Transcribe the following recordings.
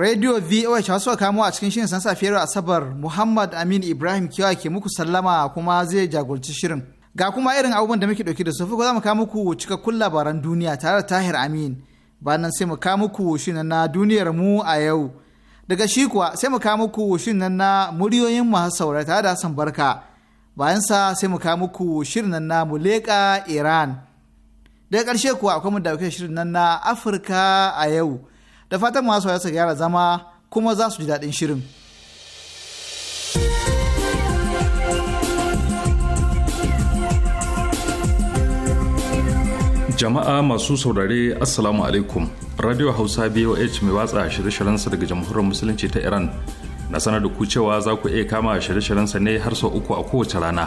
Radio VOH wasu kamo a cikin shirin san safiyar Asabar Muhammad Amin Ibrahim Kiyawa ke muku sallama kuma zai jagorci shirin. Ga kuma irin abubuwan da muke dauki da su ko za mu kawo muku cikakkun labaran duniya tare da Tahir Amin. Bayan nan sai mu kawo muku shirin na duniyar mu a yau. Daga shi kuwa sai mu kawo muku shirin na muryoyin masu saurayi tare da Hassan Barka. Bayan sa sai mu kawo muku shirin na Muleka Iran. Daga ƙarshe kuwa akwai mu da shirin na Afirka a yau. da fatan masu ya gyara zama kuma za su ji daɗin shirin. jama'a masu saurare assalamu alaikum radio hausa boh mai watsa shirye-shiryensa daga jamhuriyar musulunci ta iran na sanar da ku cewa za ku iya kama shirye-shiryensa ne har sau uku a kowace rana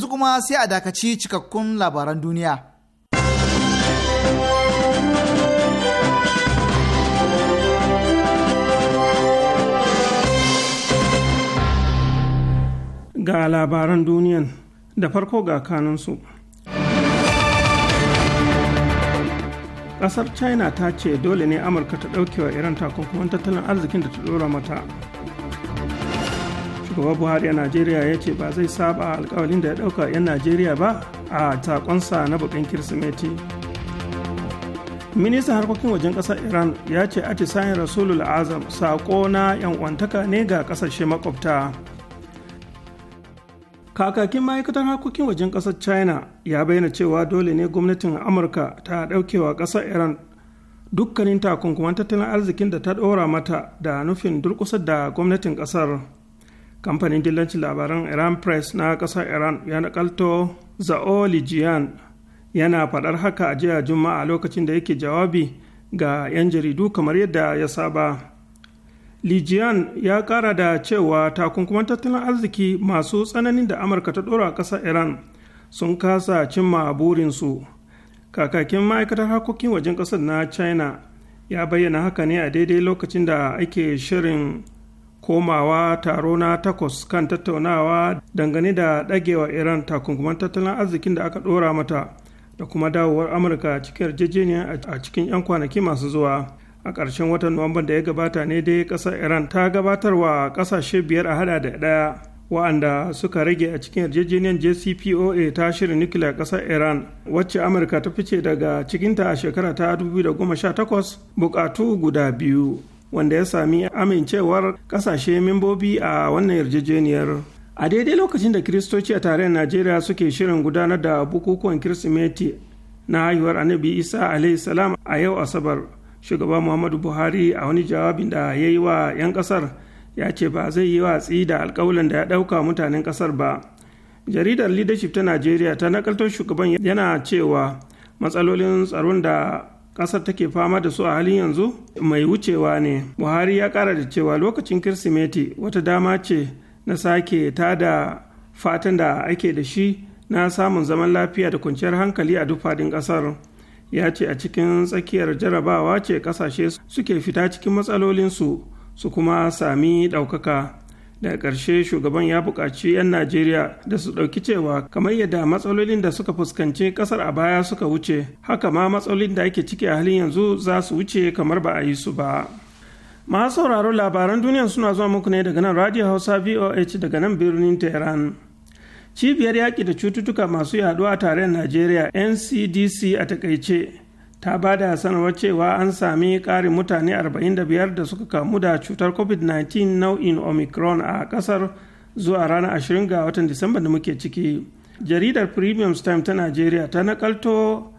yanzu kuma sai a dakaci cikakkun labaran duniya. Ga labaran duniyan da farko ga kanunsu. Ƙasar China ta ce dole ne Amurka ta ɗaukewa Iran takunkuman tattalin arzikin da ta ɗora mata. shugaba buhari a najeriya ya ce ba zai saba alkawalin da ya dauka 'yan najeriya ba a takonsa na bukin kirsimeti ministan harkokin wajen kasar iran ya ce atisayin rasulul azam sako na 'yan wantaka ne ga kasashe makwabta kakakin ma'aikatar harkokin wajen kasar china ya bayyana cewa dole ne gwamnatin amurka ta daukewa kasar iran dukkanin takunkuman tattalin arzikin da ta ɗora mata da nufin durkusa da gwamnatin ƙasar kamfanin dillancin labaran iran press na ƙasar iran ya nakalto lijian yana faɗar haka a jiya juma'a lokacin da yake jawabi ga 'yan jaridu kamar yadda ya saba lijian ya ƙara da cewa takunkuman tattalin arziki masu tsananin da amurka ta ɗora a ƙasar iran sun kasa cimma burinsu kakakin ma'aikatar harkokin wajen ƙasar na china ya bayyana haka ne a daidai lokacin da ake shirin komawa taro na takwas kan tattaunawa dangane da ɗagewa iran takunkuman tattalin arzikin da aka ɗora mata da kuma dawowar amurka cikin yarjejeniya a cikin 'yan kwanaki masu zuwa a ƙarshen watan nuwamban da ya gabata ne dai ƙasar iran ta gabatarwa ƙasashe biyar a hada da ɗaya wa'anda suka rage a cikin yarjejeniyar jcpoa ta shirin nukiliya ƙasar iran wacce amurka ta fice daga cikinta a shekara ta 2018 buƙatu guda biyu wanda ya sami amincewar kasashe membobi a wannan yarjejeniyar a daidai lokacin da kiristoci a tarayyar najeriya suke shirin gudanar da bukukuwan kirsimeti na haihuwar annabi isa salam a yau asabar shugaba muhammadu buhari a wani jawabin da ya yi wa 'yan kasar ya ce ba zai yi watsi da alkawalin da ya ɗauka mutanen kasar ba jaridar leadership ta najeriya ta nakaltar shugaban yana cewa matsalolin tsaron da ƙasar take fama da su a halin yanzu mai wucewa ne buhari ya ƙara da cewa lokacin kirsimeti wata dama ce na sake ta da fatan da ake da shi na samun zaman lafiya da kwanciyar hankali a duk fadin ƙasar ya ce a cikin tsakiyar jarabawa ce ƙasashe suke fita cikin matsalolinsu su kuma sami ɗaukaka da ƙarshe shugaban ya buƙaci 'yan najeriya da su ɗauki cewa kamar yadda matsalolin da suka fuskanci ƙasar a baya suka wuce haka ma matsalolin da ake ciki a halin yanzu za su wuce kamar ba a yi su ba masu sauraro labaran duniya suna zuwa muku ne daga nan radio hausa voh daga nan birnin tehran cibiyar yaƙi da cututtuka masu yaduwa a tarayyar najeriya ncdc a takaice ta ba da sanarwar cewa an sami ƙarin mutane 45 da suka kamu da cutar covid-19 nau'in omicron a ƙasar zuwa ranar 20 ga watan disamba da muke ciki jaridar premium time ta nigeria ta nakalto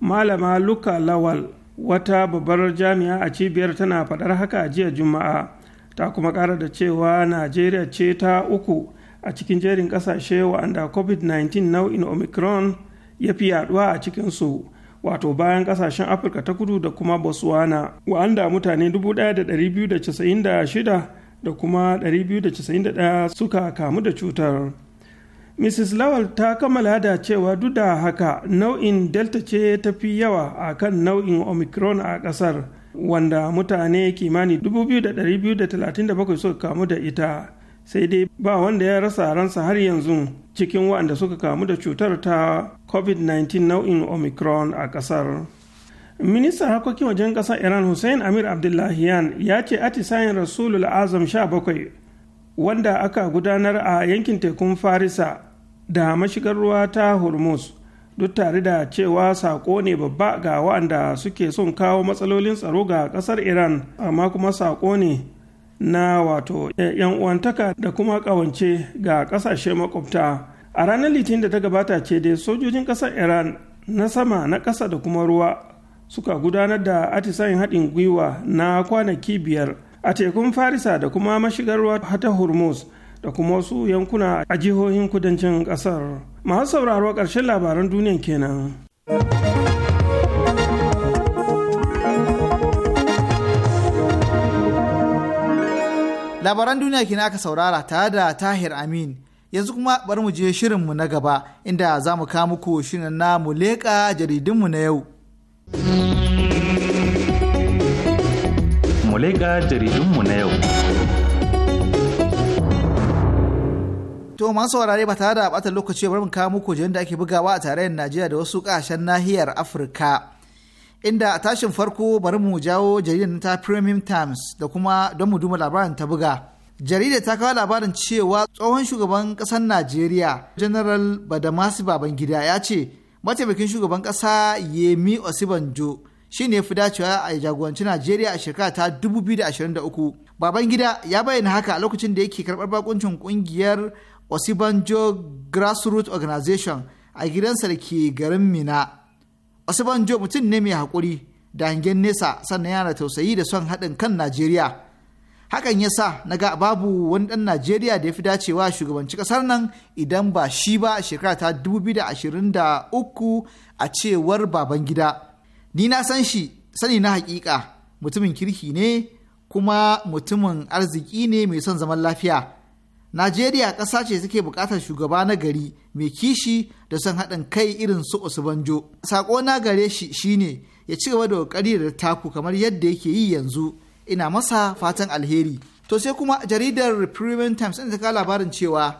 malama luka lawal wata babbar jami'a a cibiyar tana faɗar haka a jiya juma'a ta kuma ƙara da cewa nigeria ce ta uku a cikin jerin ƙasashe wa'anda covid-19 nau'in omicron ya fi yaduwa a cikinsu wato bayan kasashen afirka ta kudu da kuma botswana wanda mutane 1296 da kuma 291 suka kamu da cutar mrs lawal ta kammala da cewa duk da haka nau'in delta ce ta fi yawa a kan nau'in omicron a kasar wanda mutane kimanin 2237 suka kamu da ita sai dai ba wanda ya rasa ransa har yanzu cikin wa'anda suka kamu da cutar ta covid-19 nau'in omicron a ƙasar ministan harkokin wajen ƙasar iran hussein amir abdullahiyan ya ce atisayin rasulul azam 17 wanda aka gudanar a yankin tekun farisa da mashigar ruwa ta hormuz duk tare da cewa saƙo ne babba ga wa'anda suke son kawo matsalolin tsaro ga ƙasar iran amma kuma saƙo ne na wato yan uwantaka da kuma kawance ga ƙasashe makwabta a ranar litinin da ta gabata ce dai sojojin ƙasar iran na sama na ƙasa da kuma ruwa suka gudanar da atisayin haɗin gwiwa na kwanaki biyar a tekun farisa da kuma mashigar ruwa hata hormuz da kuma wasu yankuna a jihohin kudancin ƙasar masu sauraro ƙarshen labaran duniya kenan. labaran duniya kina aka saurara tare da tahir amin yanzu kuma bari mu je shirinmu na gaba inda za mu kawo muku shirin na mu leƙa mu na yau mu leƙa mu na yau To masu saurare ba tare da bata lokaci bari mu kawo muku jaridun da ake bugawa a tarayyar Najeriya da wasu ƙasashen nahiyar Afirka. inda a tashin farko bari mu jawo jaridar ta premium times da kuma don mu duba labarin ta buga jaridar ta kawo labarin cewa tsohon shugaban kasar najeriya general badamasi babangida ya ce mataimakin shugaban ƙasa yemi osibanjo shi ne fi dacewa a jagoranci najeriya a shekara ta 2023 babangida ya bayyana haka a lokacin da yake karɓar bakuncin ƙungiyar osibanjo grassroots organization a gidansa da ke garin mina banjo mutum ne mai haƙuri da hangen nesa sannan yana tausayi da son haɗin kan Najeriya. Hakan ya sa na ga babu wani ɗan Najeriya da ya fi dacewa shugabanci ƙasar nan idan ba shi ba a shekara ta 2023 a cewar baban gida Ni na san shi sani na haƙiƙa mutumin kirki ne kuma mutumin arziki ne mai son zaman lafiya. Najeriya ƙasa ce suke buƙatar shugaba na gari mai kishi da son haɗin kai irin su Osubanjo. Saƙo na gare shi shine ya ci gaba da ƙoƙari da taku kamar yadda yake yi yanzu. Ina masa fatan alheri. To sai kuma jaridar Premium Times ta ka labarin cewa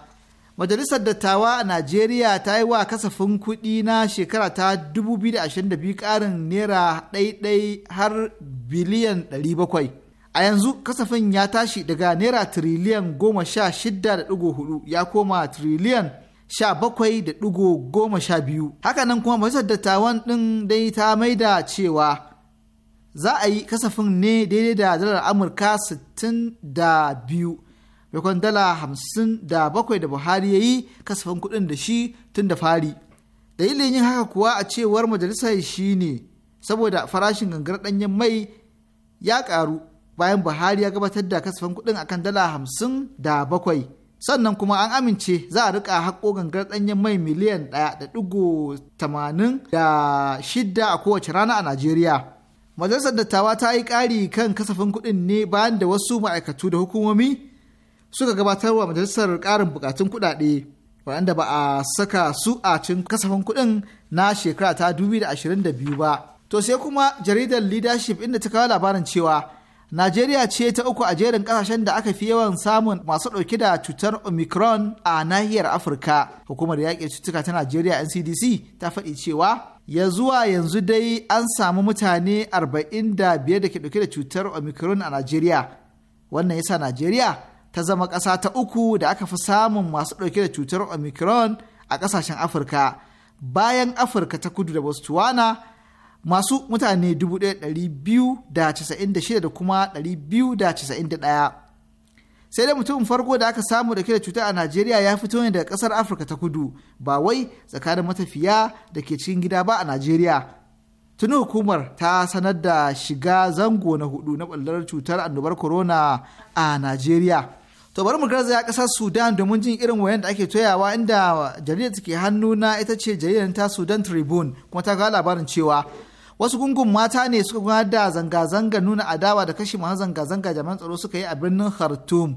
Majalisar Dattawa a Najeriya ta yi wa kasafin kuɗi na shekara ta 2022 ƙarin naira ɗaiɗai har biliyan 700. a yanzu kasafin ya tashi daga naira tiriliyan goma sha shidda da ɗigo hudu ya koma tiriliyan sha bakwai da ɗigo goma sha biyu hakanan kuma majalisar dattawan ɗin dai ta maida cewa za a yi kasafin ne daidai da dalar amurka sittin da biyu dala hamsin da bakwai da buhari ya yi kasafin kuɗin da shi tun da fari dalilin yin haka kuwa a cewar majalisar shi ne, saboda farashin gangar ɗanyen mai ya ƙaru bayan buhari ya gabatar da kasafin kuɗin akan dala hamsin da bakwai sannan kuma an amince za a rika haƙo gangar ɗanyen mai miliyan ɗaya da ɗigo tamanin da shidda a kowace rana a najeriya majalisar dattawa ta yi ƙari kan kasafin kuɗin ne bayan da wasu ma'aikatu da hukumomi suka gabatar wa majalisar ƙarin buƙatun kuɗaɗe waɗanda ba a saka su a cikin kasafin kuɗin na shekara ta 2022 ba to sai kuma jaridar leadership inda ta kawo labarin cewa Najeriya ce ta uku a jerin kasashen da aka fi yawan samun masu ɗauke da cutar Omicron a nahiyar Afirka. Hukumar yaƙi cutuka ta Najeriya NCDC ta faɗi cewa ya zuwa yanzu dai an samu mutane 45 da ke ɗauke da cutar Omicron a Najeriya. Wannan yasa Najeriya ta zama ƙasa ta uku da aka fi samun masu ɗauke da cutar Omicron a ƙasashen Afirka. Bayan Afirka ta kudu da Botswana masu mutane 296 da kuma 291 sai dai mutumin farko da aka samu da ke da cuta a najeriya ya fito ne daga kasar afirka ta kudu ba wai tsakanin matafiya da ke cikin gida ba a najeriya tuni hukumar ta sanar da shiga zango na hudu na ɓallar cutar annobar corona a najeriya to bari mu garzaya kasar sudan domin jin irin wayan da ake toyawa inda jaridar take hannu na ita ce jaridar ta sudan tribune kuma ta ga labarin cewa wasu gungun mata ne suka gudanar da zanga-zanga nuna adawa da kashe masu zanga-zanga jami'an tsaro suka yi a birnin khartoum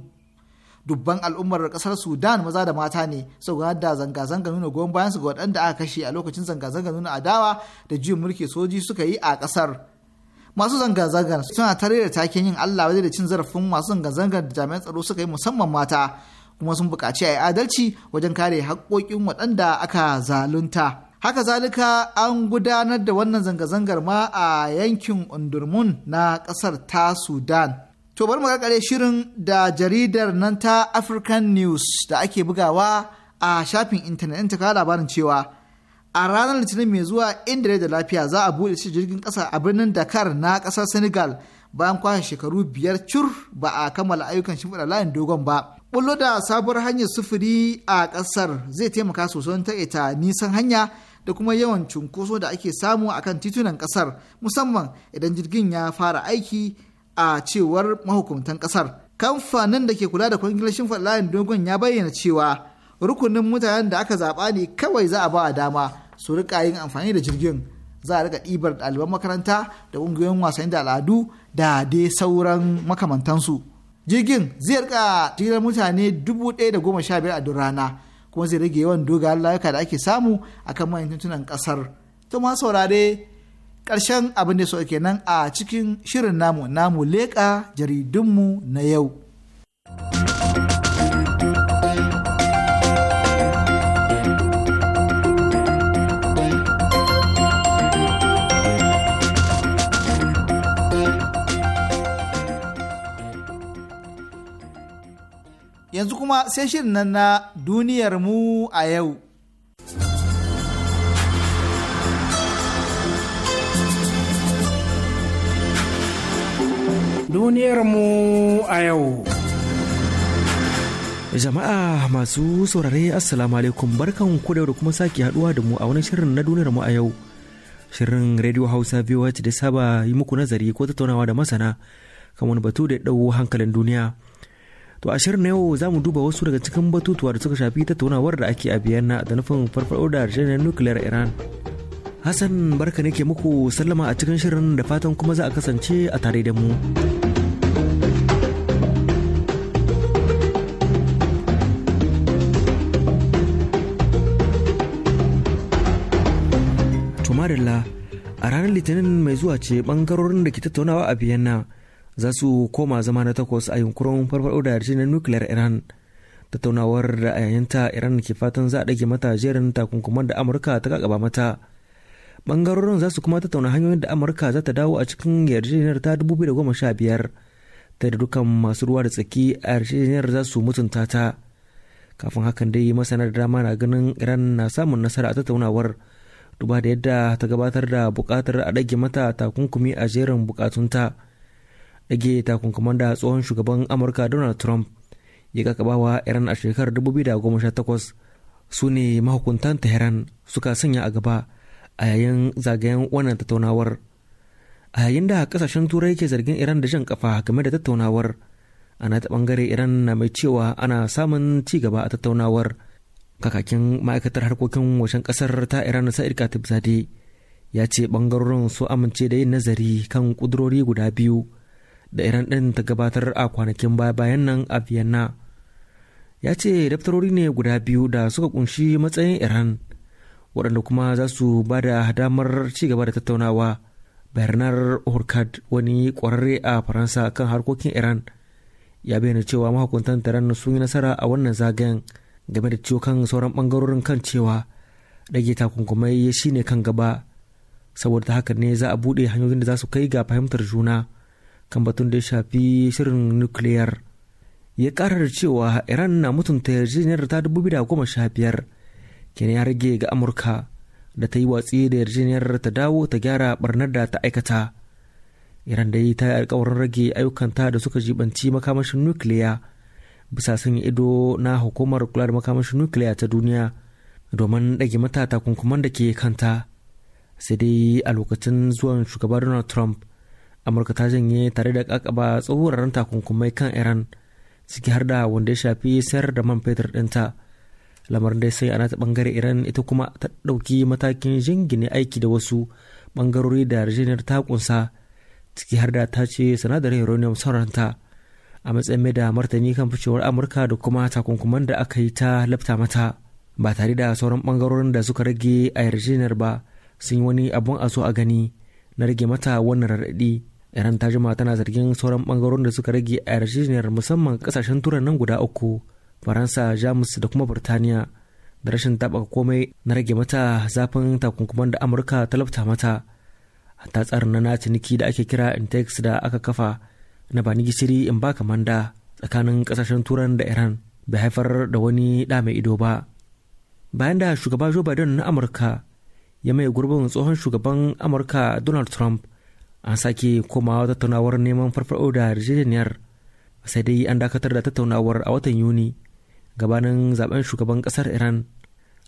dubban al'ummar kasar sudan maza da mata ne suka gudanar da zanga-zanga nuna goyon bayan su ga waɗanda aka kashe a lokacin zanga-zanga nuna adawa da juyin mulki soji suka yi a kasar masu zanga-zangar suna tare da taken yin allah wajen da cin zarafin masu zanga-zangar da jami'an tsaro suka yi musamman mata kuma sun buƙaci a yi adalci wajen kare haƙƙoƙin waɗanda aka zalunta. haka zalika an gudanar da wannan zanga-zangar ma a yankin undurmun na ƙasar ta sudan to bari mu shirin da jaridar nan ta african news da ake bugawa a shafin intanet ta kawo labarin cewa a ranar litinin mai zuwa inda da lafiya za a buɗe shi jirgin ƙasa a birnin dakar na ƙasar senegal bayan kwashe shekaru biyar cur ba a kammala ayyukan shimfiɗa layin dogon ba bullo da sabuwar hanyar sufuri a ƙasar zai taimaka sosai ta nisan hanya da kuma yawan cunkoso da ake samu a kan titunan kasar musamman idan jirgin ya fara aiki a cewar mahukuntan kasar kamfanin da ke kula da kwangilar shimfiɗa layin dogon ya bayyana cewa rukunin mutanen da aka zaɓa ne kawai za a ba a dama su rika yin amfani da jirgin za a rika ɗibar ɗaliban makaranta da ƙungiyoyin wasanni da al'adu da dai sauran makamantansu jirgin zai rika jirar mutane dubu ɗaya da goma sha biyar a duk rana kuma zai rage yawan dogayen layuka da ake samu akan manyan tuntunan kasar to ma saurare karshen abin da so kenan a cikin shirin namu namu leƙa jaridunmu na yau yanzu kuma sai shirin nan na duniyar mu a yau. Duniyar mu a yau. Jama'a masu saurare Assalamu alaikum barkan ku da kuma sake haduwa da mu a wani shirin na duniyar mu a yau. Shirin Radio Hausa VOH da saba yi muku nazari ko tattaunawa da masana kan wani batu da ya hankalin duniya. To a shirin na yau za mu duba wasu daga cikin batutuwa da suka shafi tattaunawar da ake a Vienna da nufin farfaɗo da harshen nukiliyar Iran. Hassan barka ne ke muku sallama a cikin shirin da fatan kuma za a kasance a tare da mu. a ranar Litinin mai zuwa ce bangarorin da ke tattaunawa a biyanna. za su koma zama na takwas a yunkurin farfado da yarjejeniyar nukiliyar iran tattaunawar da a ta iran ke fatan za a ɗage mata jerin takunkuman da amurka ta kakaba mata bangarorin za su kuma tattauna hanyoyin da amurka za ta dawo a cikin yarjejeniyar ta 2015 ta da dukkan masu ruwa da tsaki a yarjejeniyar za su mutunta ta kafin hakan dai masana da dama na ganin iran na samun nasara a tattaunawar duba da yadda ta gabatar da bukatar a ɗage mata takunkumi a jerin bukatunta ge takunkuman da tsohon shugaban amurka donald trump ya kakabawa iran a shekarar 2018 su ne mahukuntan tehran suka sanya a gaba a yayin zagayen wannan tattaunawar a yayin da kasashen turai ke zargin iran da jan kafa game da tattaunawar ana ta bangare iran na mai cewa ana samun ci gaba a tattaunawar kakakin ma'aikatar harkokin wajen kasar ta iran sa'id katib zade ya ce bangarorin su amince da yin nazari kan kudurori guda biyu da iran ɗin ta gabatar a kwanakin baya-bayan nan a vienna ya ce daftarori ne guda biyu da suka kunshi matsayin iran waɗanda kuma za su ba da damar gaba da tattaunawa bernard horkad wani ƙwararre a faransa kan harkokin iran ya bayyana cewa mahukuntan taron sun yi nasara a wannan zagayen game da ciwo kan sauran ɓangarorin kan cewa rage takunkumai ya shine kan gaba saboda haka ne za a buɗe hanyoyin da za su kai ga fahimtar juna kan batun da ya shafi shirin nukiliyar ya karar da cewa iran na mutunta yarjejeniyar ta dubu biyu da biyar kenan ya rage ga amurka da ta yi watsi da yarjejeniyar ta dawo ta gyara barnar da ta aikata iran da yi ta alkawarin rage ayyukanta da suka jibanci makamashin nukiliya bisa yi ido na hukumar kula da makamashin nukiliya ta duniya domin ɗage mata takunkuman da ke kanta sai dai a lokacin zuwan shugaba donald trump amurka ta janye tare da kakaba tsohuraren takunkumai kan iran ciki har da wanda ya shafi sayar da man fetur ɗinta lamarin dai sai a nata bangare iran ita kuma ta ɗauki matakin jingine aiki da wasu bangarori da yarjejeniyar ta kunsa ciki har da ta ce sanadarin uranium sauranta a matsayin mai da martani kan ficewar amurka da kuma takunkuman da aka yi ta lafta mata ba tare da sauran bangarorin da suka rage a yarjejeniyar ba sun yi wani abun a so a gani na rage mata wannan raɗaɗi iran ta jima tana zargin sauran bangarorin da suka rage a yarjejeniyar musamman kasashen turan nan guda uku faransa jamus da kuma burtaniya da rashin taɓaka komai na rage mata zafin takunkuman da amurka ta lafta mata ta tsarin na ciniki da ake kira intex da aka kafa na bani gishiri in ba kamanda tsakanin kasashen turan da iran bai haifar da wani ɗa mai ido ba bayan da shugaba joe biden na amurka ya mai gurbin tsohon shugaban amurka donald trump an sake komawa tattaunawar neman farfado da yarjejeniyar sai dai an dakatar da tattaunawar a watan yuni gabanin zaben shugaban kasar iran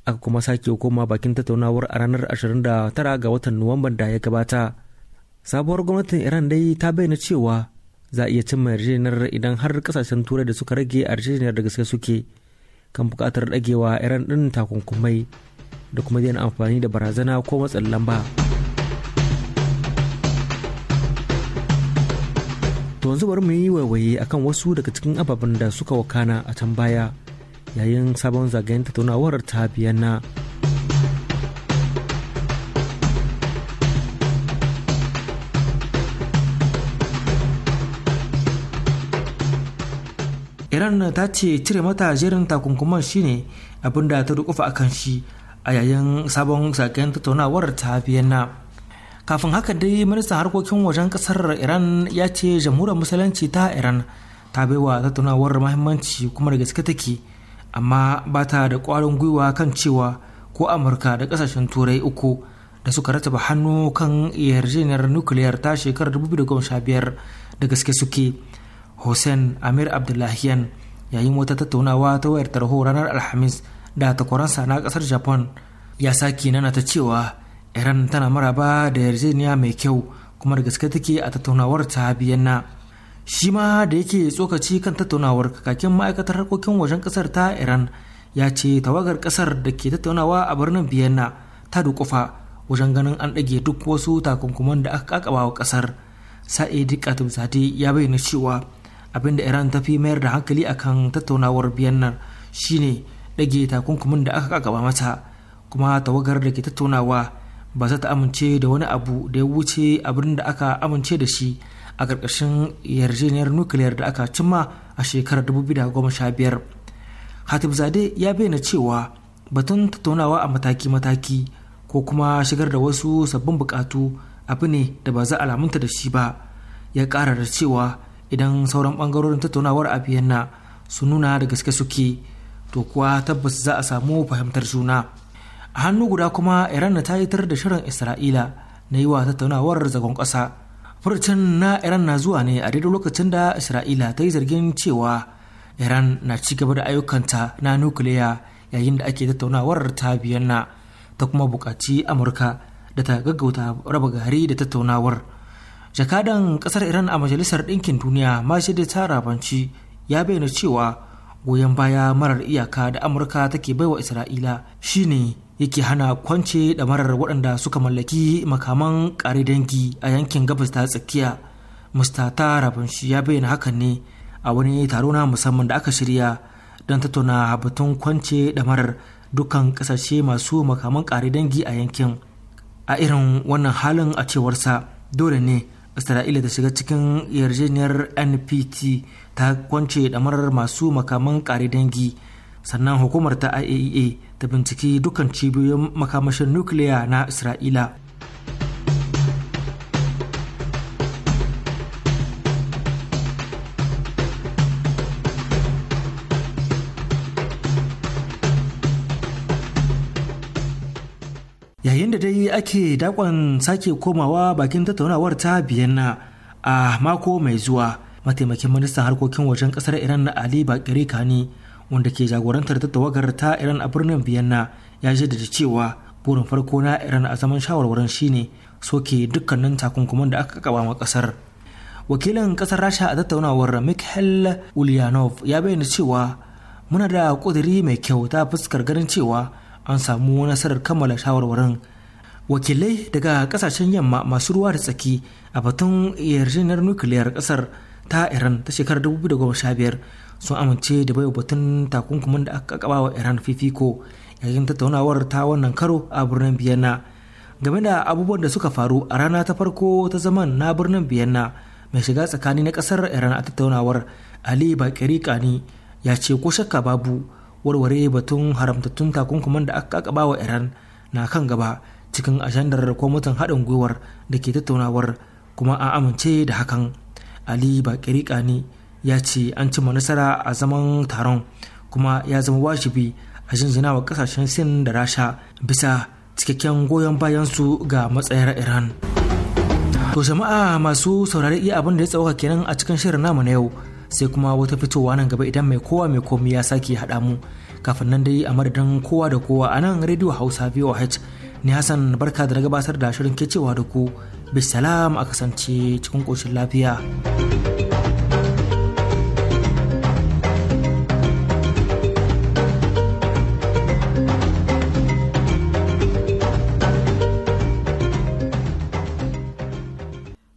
aka kuma sake koma bakin tattaunawar a ranar 29 ga watan nuwamban da ya gabata sabuwar gwamnatin iran dai ta bayyana cewa za a iya cimma yarjejeniyar idan har kasashen turai da suka rage yarjejeniyar da gaske suke kan bukatar dagewa iran din takunkumai da kuma daina amfani da barazana ko matsin lamba to yanzu bari mu yi waiwaye akan wasu daga cikin ababen da suka wakana a can baya yayin sabon zagayen tattaunawar ta na iran ta ce cire mata jerin takunkuman shine abinda ta rukufa akan shi a yayin sabon saken tattaunawar ta vienna kafin haka dai ministan harkokin wajen kasar iran ya ce jamhuriyar musulunci ta iran ta baiwa tattaunawar mahimmanci kuma da gaske take amma ba ta da kwarin gwiwa kan cewa ko amurka da kasashen turai uku da suka rataba hannu kan yarjejeniyar nukiliyar ta shekarar 2015 da gaske suke hussein amir abdullahiyan yayin wata tattaunawa ta wayar tarho ranar alhamis da takwaransa na kasar japan ya saki nana ta cewa iran tana maraba da yarjejeniya mai kyau kuma da gaske take a tattaunawar ta biyanna shi ma da yake tsokaci kan tattaunawar kakakin ma'aikatar harkokin wajen kasar ta iran ya ce tawagar kasar da ke tattaunawa a birnin biyanna ta dukufa wajen ganin an ɗage duk wasu takunkuman da aka kakaba wa kasar sa'idi dika zade ya bayyana cewa abinda iran ta fi mayar da hankali akan tattaunawar biyannar shine ɗage takunkumin da aka kakaba mata kuma tawagar da ke tattaunawa ba za ta amince da wani abu da ya wuce abin da aka amince da shi a ƙarƙashin yarjejeniyar nukiliyar da aka cimma a shekarar 2015 hatib zade ya bayyana cewa batun tattaunawa a mataki-mataki ko kuma shigar da wasu sabbin bukatu abu ne da ba za a lamunta da shi ba ya ƙara da cewa idan sauran ɓangarorin tattaunawar a biyanna su nuna da gaske suke to kuwa tabbas za a samu fahimtar juna a hannu guda kuma iran ta tar da shirin isra'ila na yi wa tattaunawar zagon ƙasa furcin na iran na zuwa ne a daidai lokacin da isra'ila ta yi zargin cewa iran na ci gaba da ayyukanta na nukiliya yayin da ake tattaunawar ta biyan na. ta kuma buƙaci amurka da ta gaggauta raba gari da tattaunawar jakadan ƙasar iran a majalisar ɗinkin duniya mashidi da tarabanci ya bayyana cewa goyon baya marar iyaka da amurka take baiwa isra'ila shine yake hana kwance da marar waɗanda suka mallaki makaman ƙare dangi a yankin gabas ta tsakiya mustata rabanshi ya bayyana hakan ne a wani taro na musamman da aka shirya don tattauna batun kwance da marar dukkan ƙasashe masu makaman ƙare dangi a yankin a irin wannan halin a cewarsa dole ne isra'ila da shiga cikin yarjejeniyar npt ta kwance damarar masu makaman kare dangi sannan hukumar ta iaea e ta binciki dukkan cibiyoyin makamashin nukiliya na isra'ila ake dakon sake komawa bakin tattaunawar ta na a mako mai zuwa mataimakin ministan harkokin wajen kasar iran na ali bakari kani wanda ke jagorantar tattawagar ta iran a birnin biyanna ya jaddada cewa burin farko na iran a zaman shawarwarin shine soke dukkanin takunkuman da aka kaba ma kasar wakilin kasar rasha a tattaunawar mikhail ulyanov ya bayyana cewa muna da ƙudiri mai kyau ta fuskar ganin cewa an samu nasarar kammala shawarwarin wakilai daga kasashen yamma masu ruwa da tsaki a batun yarjejeniyar nukiliyar kasar ta iran ta shekarar 2015 sun amince da baiwa batun takunkumin da aka kaba wa iran fifiko yayin tattaunawar ta wannan karo a birnin biyanna game da abubuwan da suka faru a rana ta farko ta zaman na birnin biyanna mai shiga tsakani na kasar iran a tattaunawar ali bakiri kani ya ce ko shakka babu warware batun haramtattun takunkuman da aka kaba wa iran na kan gaba cikin ajandar kwamitin haɗin gwiwar da ke tattaunawar kuma an amince da hakan ali bakiri ne ya ce an cimma nasara a zaman taron kuma ya zama wajibi a jinjina wa kasashen sin da rasha bisa cikakken goyon bayansu ga matsayar iran to jama'a masu saurari iya abin da ya tsawaka kenan a cikin shirin namu na yau sai kuma wata fitowa nan gaba idan mai kowa mai komi ya sake haɗa mu kafin nan dai a madadin kowa da kowa a nan rediyo hausa voh ni hassan barka da na gabatar da shirin ke cewa da ku bisalam a kasance cikin ƙoshin lafiya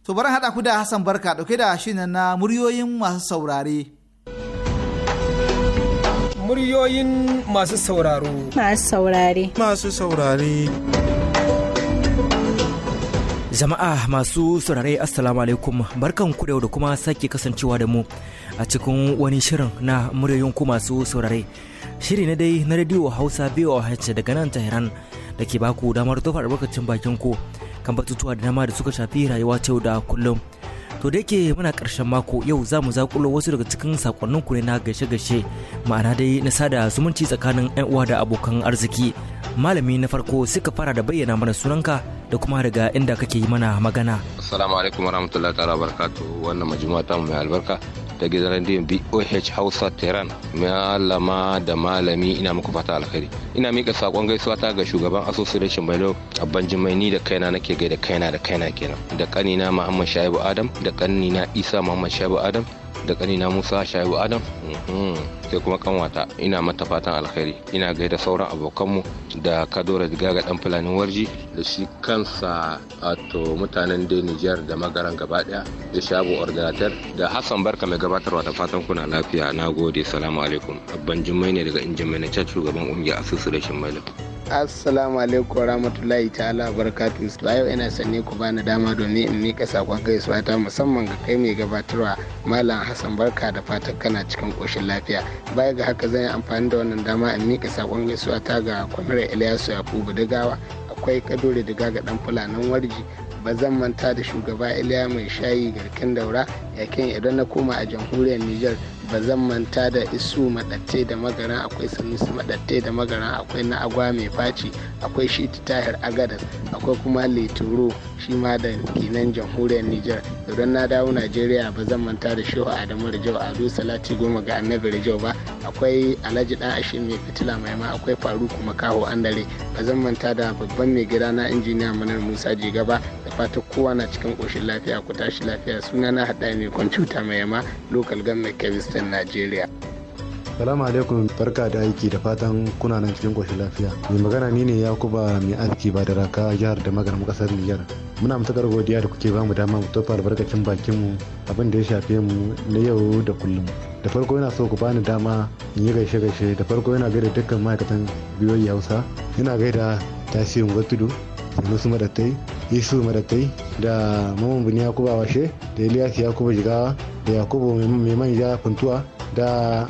To bari haɗa ku da Hassan Barka dauke da shi na muryoyin masu saurare. muryoyin masu sauraro. Masu saurare. Masu saurare. Jama'a masu saurare Assalamu alaikum barkan ku da kuma sake kasancewa da mu a cikin wani shirin na muryoyin ku masu saurare. Shiri na dai na radio Hausa BOH daga nan Tehran da ke baku damar tofar albarkacin bakin ku kan batutuwa da dama da suka shafi rayuwa ta yau da kullum. to da yake muna karshen mako yau za mu zakulo wasu daga cikin sakonnin ku na gaishe-gaishe ma'ana dai na sada zumunci tsakanin 'yan uwa da abokan arziki malami na farko suka fara da bayyana mana sunanka da kuma daga inda kake yi mana magana assalamu alaikum warahmatullahi ta'ala barakatuh wannan majmu'a ta mu mai albarka da gidan rediyon BOH Hausa Tehran malama da malami ina muku fata alkhairi ina mika sakon gaisuwa ta ga shugaban association a Abban ni da kaina nake gaida kaina da kaina kenan da kanina Muhammad Shaibu Adam da kanina Isa Muhammad Shaibu Adam da kanina Musa Shaibu Adam mhm. sai kuma kanwata ina mata fatan alkhairi ina gaida sauran abokanmu da Kadora Gaga dan Fulani Warji da shi kansa to mutanen da Nijar da magaran gaba daya da Shabu Ordinator da Hassan Barka mai gabatarwa da fatan kuna lafiya nagode salamu alaikum abban jummai ne daga injin mai na shugaban ƙungiyar asusu da shimmalin assalamu alaikum rahmatullahi ta'ala barakatu to yau ina sanne ku bani dama domin in mika sakon gaisuwa ta musamman ga kai mai gabatarwa malam hassan barka da fatan kana cikin koshin lafiya baya ga haka zan yi amfani da wannan dama in mika sakon gaisuwa ta ga ya ilyasu yakubu gawa akwai kadore daga ga dan fulanin warji ba zan manta da shugaba iliya mai shayi garkin daura yakin idan na koma a jamhuriyar niger ba zan manta da isu madatte da magaran akwai sanusi madatte da magaran akwai na agwa mai faci akwai shi tahir agadas akwai kuma leturo shi ma da kinan jamhuriyar niger idan na dawo nigeria ba zan manta da shehu adamu a ado salati goma ga annabi jau ba akwai alhaji dan ashe mai fitila mai ma akwai faru kuma kaho andare ba zan manta da babban mai gida na injiniya manar musa jiga ba da fata kowa na cikin koshin lafiya ku tashi lafiya suna na haɗa mai kwamfuta mai ma local government ƙasar najeriya Salamu alaikum barka da aiki da fatan kuna nan cikin koshin lafiya. Mai magana ni ne Yakuba mai aski ba da raka jihar da magaram kasar Niger. Muna mutakar godiya da kuke bamu dama mu tofa albarkacin bakin mu abin da ya shafe mu na yau da kullum. Da farko yana so ku bani dama in yi gaishe gaishe da farko yana gaida dukkan ma'aikatan biyoyi e Hausa. Yana gaida tasirin Gwatudu Yunusu Madatai, Isu Madatai da Maman Bini Yakubu Awashe da iliyas Yakubu Jigawa da Yakubu Mai Manja Funtuwa da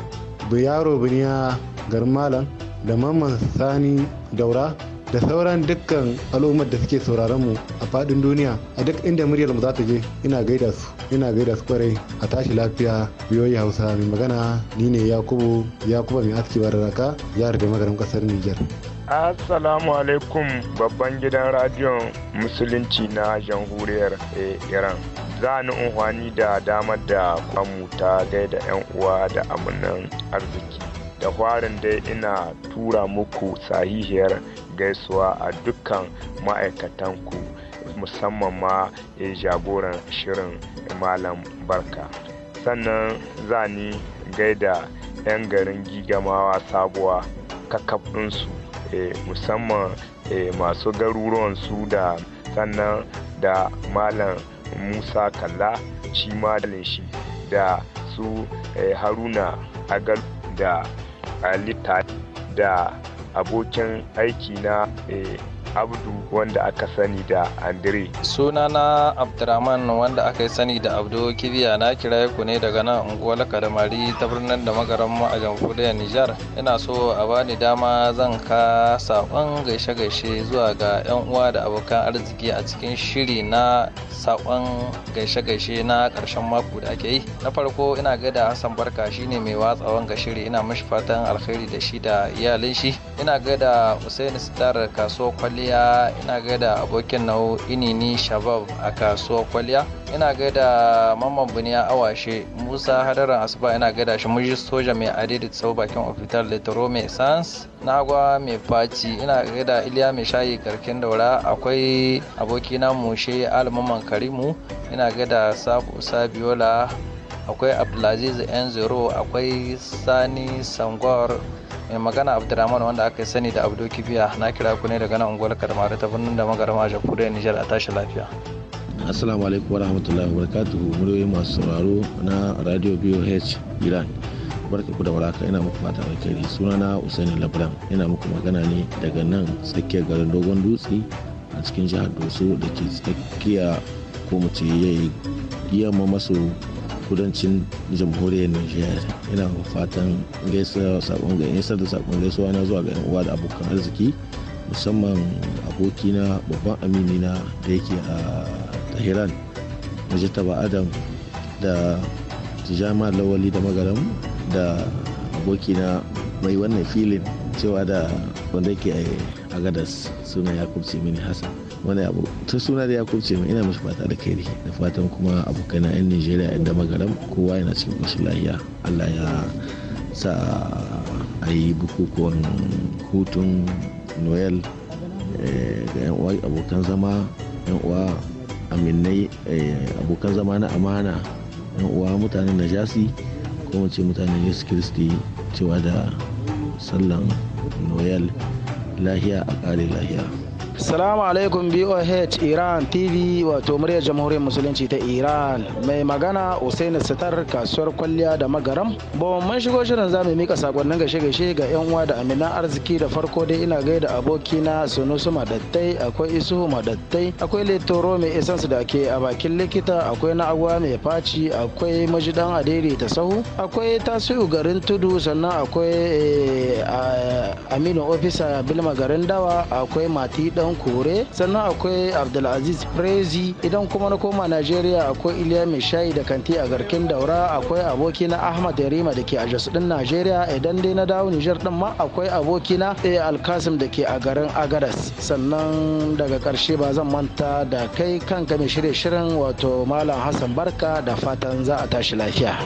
Biyaro Biniya Garin Malam da Mamman Sani Daura da sauran dukkan al'ummar da suke sauraron mu a faɗin duniya a duk inda muryar mu za ta je ina gaida su ina gaida su kwarai a tashi lafiya biyoyi hausa mai magana ni ne yakubu yakubu mai aski raka jihar da magarin kasar niger Assalamu alaikum babban gidan radiyon musulunci na jamhuriyar eh, Iran. Za ni unhwani da damar da kwamuta ta gaida 'yan uwa da amunan arziki. da farin dai ina tura muku sahihiyar gaisuwa a dukkan ma'aikatanku musamman ma eh, jagoran shirin malam barka sannan zani gaida 'yan garin gigamawa sabuwa kakabinsu eh, musamman eh, masu garuruwan su da sannan da malam musa kalla shi ma shi da su haruna agal da halitta da abokin aiki na eh, abdu wanda aka sani da andre sunana abdurrahman wanda aka yi sani da abdu kibiya na kiraye ku ne daga nan unguwar kadamari ta birnin da magaran a jamhuriyar nijar ina so a bani dama zan ka saƙon gaishe-gaishe zuwa ga 'yan uwa da abokan arziki a cikin shiri na saƙon gaishe-gaishe na karshen mako da ake yi na farko ina gaida hassan barka shine mai watsawan ga shiri ina mashi fatan alkhairi da shi da iyalin shi ina gaida usaini sitar kasuwar kwalli kwalliya ina gaida abokin nau inini shabab a kasuwar kwalliya ina gaida mamman buniya awashe musa hadarin asuba ina gaida shi muji soja mai adadi tsawo bakin ofital litiro mai sans nagwa mai faci ina gaida iliya mai shayi karkin daura akwai abokina mushe almaman karimu ina gaida sabu sabiola akwai abdulaziz Nzero, akwai sani sangwar mai magana abdulrahman wanda aka sani da abdo kibiya na kira ku ne daga nan unguwar karmari ta birnin da magarama a jamhuriyar nijar a tashi lafiya assalamu alaikum wa wabarakatuh muryoyi masu sauraro na radio BOH Iran barka ku da waraka ina muku fata alkhairi na Usaini Labran ina muku magana ne daga nan tsakiyar garin Dogon Dutse a cikin jihar Doso da ke tsakiya ko mu ce yayi yamma maso kudancin jamhuriyar nigeria ina fatan nisar da sakon gaisuwa na zuwa ga yan uwa da abokan arziki musamman abokina babban aminina da yake a tahiran mujitaba adam da tijama lawali da magaram da abokina mai wannan filin cewa da wanda yake a gadas suna yakub mini hassan wani abu ta suna da ya kurce mai ina musu fata da kairi da fatan kuma abokan yan nigeria yan damagaram kowa yana cikin masu lahiya Allah ya sa a yi bukukuwan hutun Noel eh, ga yan uwa abokan zama yan uwa aminai eh, abokan zama na amana yan uwa mutanen Najasi ko ce mutanen Yesu Kiristi cewa da sallan Noel lahiya a ƙare lahiya. Salamu alaikum BOH Iran TV wato muryar jamhuriyar musulunci ta Iran mai magana Usaini Sitar kasuwar kwalliya da magaram. Bawan mun shigo shirin zamu mika sakonnin gashe gashe ga yan uwa da aminan arziki da farko dai ina gaida abokina Sunusu Madattai akwai Isu Madattai akwai Letoro mai isan da ke a bakin likita akwai na agwa mai faci akwai majidan adere ta sahu akwai tasiu garin tudu sannan akwai eh, Aminu ofisa Bilma garin dawa akwai Mati dan kore sannan akwai abdulaziz prezi idan kuma na koma najeriya akwai iliya mai shayi da kanti a garkin daura akwai abokina ahmad yarima da ke a jasudin din najeriya idan dai na dawo nijar din ma akwai abokina a eh, alkasim da ke a garin agadas sannan daga karshe ba zan manta da kai kanka mai shirye shirin wato malam hassan barka da fatan za a tashi lafiya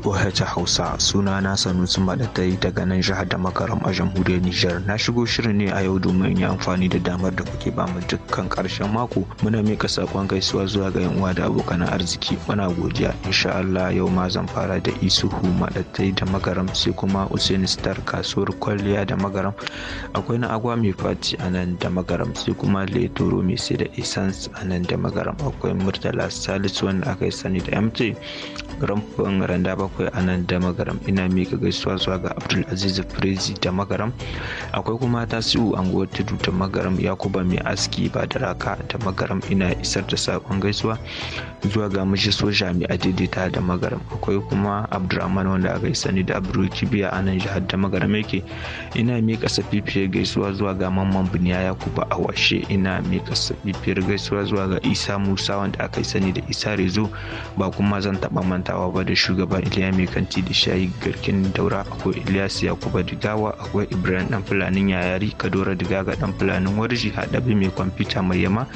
boh hausa suna na sanusi madatai daga nan jihar da makaram a jamhuriyar nijar na shigo shirin ne a yau domin yi amfani da damar da da kuke ba mu dukkan karshen mako muna mika sakon gaisuwa zuwa ga yan uwa da abokan arziki muna godiya insha Allah yau ma zan fara da isuhu madattai da magaram sai kuma Usaini Star kasuwar kwalliya da magaram akwai na agwa mai fati a nan da magaram sai kuma Letoro mai sai da essence a da magaram akwai Murtala Salisu wanda aka sani da MT garamfin randa bakwai a nan da magaram ina mika gaisuwa zuwa ga Abdul Aziz Prezi da magaram akwai kuma Tasiu Anguwar Tudu da magaram ya ba mai aski ba da raka da magaram ina isar da sakon gaisuwa zuwa ga mashi soja mai adidita da magaram akwai kuma Abdurrahman wanda aka yi sani da Abdul Kibiya a nan jihar da magaram yake ina kasa fifiyar gaisuwa zuwa ga Mamman Buniya Yakuba a washe ina kasa fifiyar gaisuwa zuwa ga Isa Musa wanda aka yi sani da Isa Rezo ba kuma zan taba mantawa ba da shugaban Iliya mai kanti da shayi garkin daura akwai Ilyas Yakuba Digawa akwai Ibrahim dan Fulanin Yayari Kadora Digaga dan Fulanin Warji haɗabi mai kwamfuta mai yama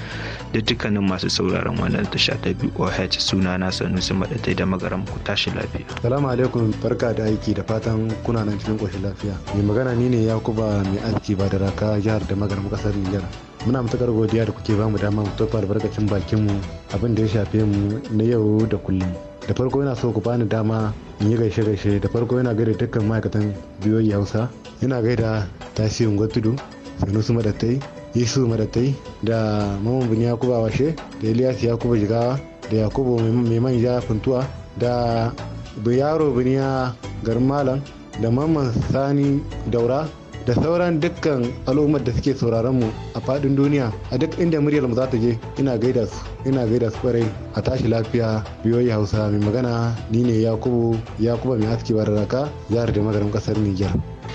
da dukkanin masu sauraron wannan tasha ta oh suna na Sanusi madadai da magaram ku tashi lafiya. Salamu alaikum barka da aiki da fatan kuna nan cikin ƙoshin lafiya. Mai magana ni ne Yakuba mai aiki ba da raka jihar da magaram kasar niger. muna matukar godiya da kuke bamu dama mu tofa albarkacin bakin mu abin da ya shafe mu na yau da kullum da farko yana so ku bani dama in yi gaishe gaishe da farko yana gaida dukkan ma'aikatan biyoyi e hausa yana gaida tasirin gwatudu sanusu madatai Yusuf Madattai da mamman Bin Yakuba Washe da Elias Yakuba Jigawa da Yakubu Mai Manja Funtuwa da Biyaro Biniya malam da Mamman Sani Daura da sauran dukkan al'ummar da suke sauraron mu a faɗin duniya a duk inda muryar mu za ta je ina gaida su. ina gaida su kwarai a tashi lafiya biyoyi hausa mai magana ni ne yakubu yakuba mai aski bararaka jihar da magarin kasar niger